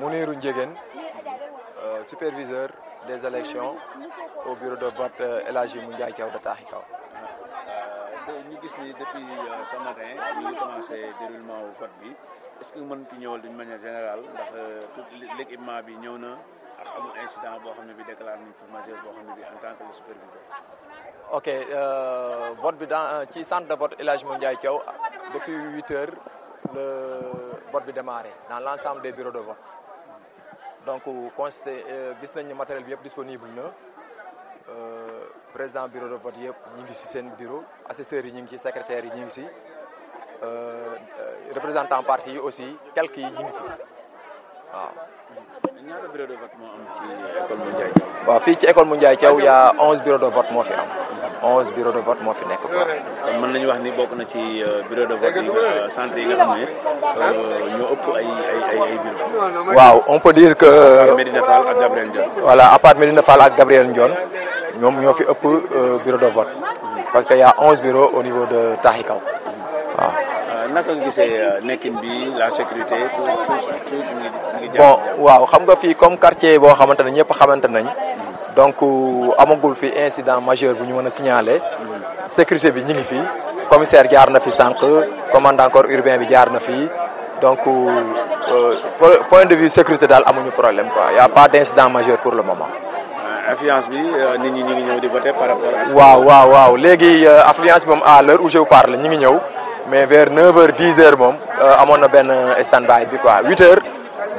Mounirou Ndiéguène euh, superviseur des élections au bureau de vote euh, El mu Moundiaye Thiaw de Taaxi Kaw euh, ñu gis ni depuis ce matin ñu ngi commencé déroulement wu bi est que mën ci ñëwal d'une manière générale ndax tout l'équipement bi ñëw na ak amul incident boo xam ne bi déclaré nañ pour majeur boo xam ne bi en tant que le superviseur ok vote bi dans ci centre de vote El Hadji Moundiaye Thiaw depuis huit heures le vote bi démarré dans l'ensemble des bureaux de vote donc constaté euh, gis nañ ni matériel bi yëpp disponible na euh, président bureau de vote yëpp ñu ngi si seen bureau assesseurs yi ñu ngi ci secrétaires yi ñu ngi si euh, représentant parti yi aussi quelques yi ñu ngi fi waaw. ñaata waaw fii ci école Moundiaye Thiaw y' a 11 bureaux de vote moo fi am. onze bureau de vote moo fi nekk quoi. kon mën nañu wax ni bokk na ci bureau de vote yi nga centre yi nga xam ñoo ëpp ay ay ay bureau. waaw on peut dire que. à part Medina Fall ak Gabriel Ndione. à part Medina Fall ak Gabriel Ndione ñoom ñoo fi ëpp bureau de vote. parce que y' a onze bureaux au niveau de Taxi Kaw waaw. naka nga gisee nekkin bi la sécurité tout bon waaw xam nga fii comme quartier boo xamante ne ñëpp xamante nañ. donc amagul fi incident majeur bu ñu mën a signaler sécurité bi ñu ngi fi commissaire jaar na fi sànq commandant corps urbain bi jaar na fi donc euh, point de vue sécurité daal amuñu problème quoi y a pas d' majeur pour le moment. affluence bi euh, nit ñi ñu ngi ñëw di voter par rapport waaw léegi euh, affluence bi moom à l'heure où je vous ñu ngi ñëw mais vers 9h 10h moom amoon na benn stand bi quoi huit h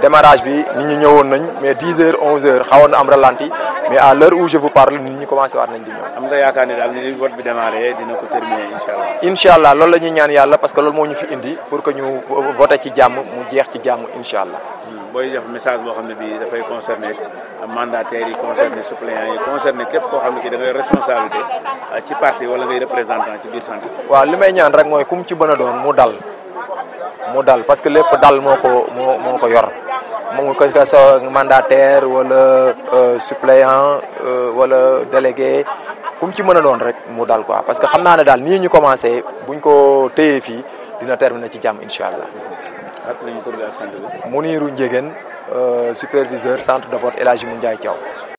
démarrage bi ni ñu ñëwoon nañ mais 10h 11h xawoon na am ralanti mais à l'heure où je vous parle nit ñi commencé waat nañ di ñëw. am nga yaakaar ne daal ni vote bi démarré dina ko terminer incha allah. incha allah loolu la ñaan yàlla parce que loolu moo ñu fi indi pour que ñu voté ci jàmm mu jeex ci jàmm incha allah. Hmm, booy def message boo xam ne bii dafay concerner mandataires yi concerner suppléants yi concerner képp koo xam ne ki da responsabilité euh, ci parti wala ngay représentant ci biir santé. waaw li may ñaan rek mooy kum ci doon mu dal mu dal parce que lépp dal moo ko moo moo ko yor. moom que que sa mandataire wala euh, suppléant euh, wala délégué ku mu ci mën a rek mu dal quoi parce que xam naa ne daal nii ñu commencé buñ ko téyee fii dina terminer ci jàmm incha allah. Muniru Ndiégène euh, superviseur centre de vote El Hadji Moundiaye Thiaw